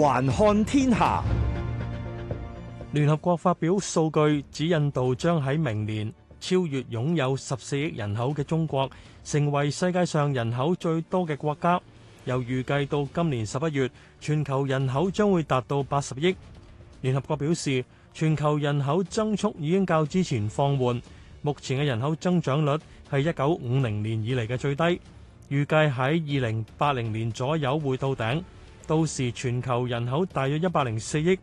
環看天下，聯合國發表數據指，印度將喺明年超越擁有十四億人口嘅中國，成為世界上人口最多嘅國家。又預計到今年十一月，全球人口將會達到八十億。聯合國表示，全球人口增速已經較之前放緩，目前嘅人口增長率係一九五零年以嚟嘅最低，預計喺二零八零年左右會到頂。到時全球人口大約一百零四億，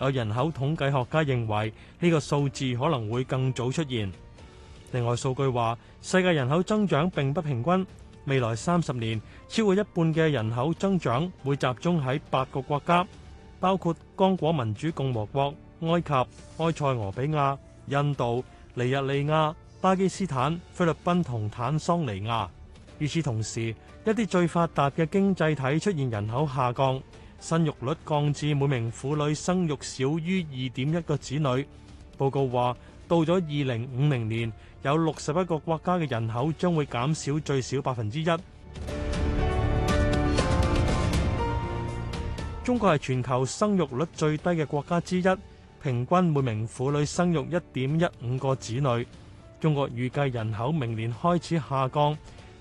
有人口統計學家認為，呢個數字可能會更早出現。另外數據話，世界人口增長並不平均，未來三十年超過一半嘅人口增長會集中喺八個國家，包括剛果民主共和國、埃及、埃塞俄比亞、印度、尼日利亞、巴基斯坦、菲律賓同坦桑尼亞。與此同時，一啲最發達嘅經濟體出現人口下降，生育率降至每名婦女生育少於二點一個子女。報告話，到咗二零五零年，有六十一個國家嘅人口將會減少最少百分之一。中國係全球生育率最低嘅國家之一，平均每名婦女生育一點一五個子女。中國預計人口明年開始下降。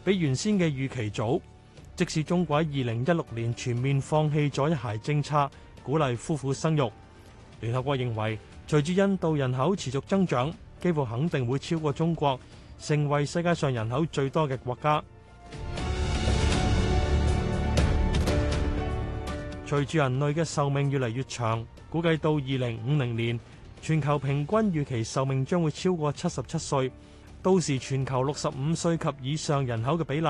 比原先嘅預期早，即使中國喺二零一六年全面放棄咗一孩政策，鼓勵夫婦生育。聯合國認為，隨住印度人口持續增長，幾乎肯定會超過中國，成為世界上人口最多嘅國家。 隨住人類嘅壽命越嚟越長，估計到二零五零年，全球平均預期壽命將會超過七十七歲。到時全球六十五歲及以上人口嘅比例，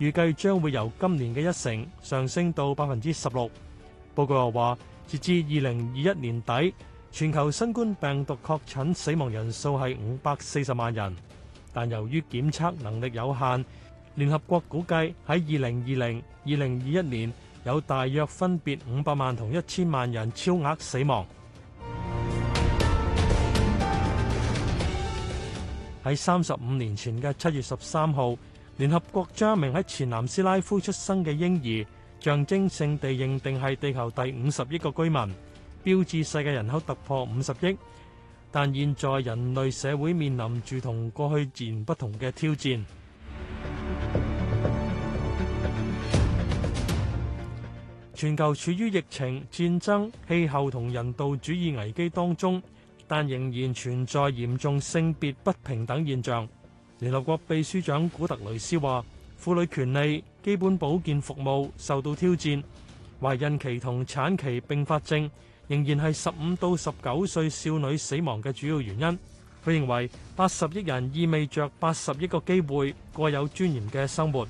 預計將會由今年嘅一成上升到百分之十六。報告又話，截至二零二一年底，全球新冠病毒確診死亡人數係五百四十萬人，但由於檢測能力有限，聯合國估計喺二零二零、二零二一年有大約分別五百萬同一千萬人超額死亡。喺三十五年前嘅七月十三號，聯合國將一名喺前南斯拉夫出生嘅嬰兒象徵性地認定係地球第五十億個居民，標誌世界人口突破五十億。但現在人類社會面臨住同過去截然不同嘅挑戰，全球處於疫情、戰爭、氣候同人道主義危機當中。但仍然存在嚴重性別不平等現象。聯合國秘書長古特雷斯話：婦女權利、基本保健服務受到挑戰，懷孕期同產期併發症仍然係十五到十九歲少女死亡嘅主要原因。佢認為八十億人意味著八十億個機會過有尊嚴嘅生活。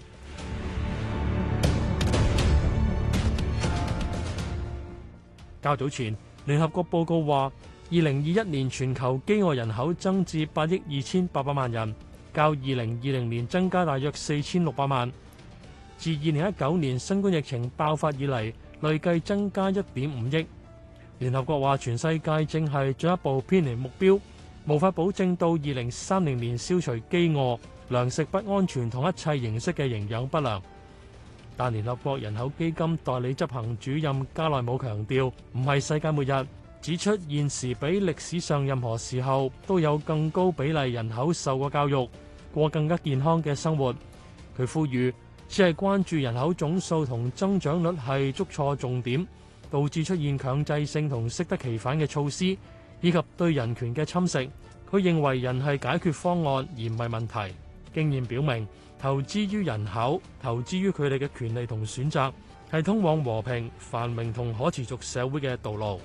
較早前聯合國報告話，2021年全球飢餓人口增至8億2800萬人，較2020年增加大約4600萬。自2019年新冠疫情爆發以來，累計增加1.5億。聯合國話全世界正係進一步偏離目標，無法保證到2030年消除飢餓，糧食不安全同一切形式嘅營養不良。但聯合國人口基金代理執行主任加內姆強調，唔係世界末日。指出，現時比歷史上任何時候都有更高比例人口受過教育，過更加健康嘅生活。佢呼籲，只係關注人口總數同增長率係捉錯重點，導致出現強制性同適得其反嘅措施，以及對人權嘅侵蝕，佢認為人係解決方案而唔係問題，經驗表明，投資於人口，投資於佢哋嘅權利同選擇，係通往和平、繁榮同可持續社會嘅道路。